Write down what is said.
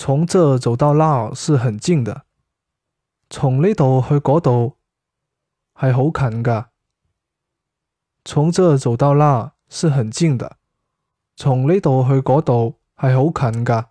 從這走到那是很近的，從呢度去嗰度係好近㗎。從這走到那是很近的，從呢度去嗰度係好近㗎。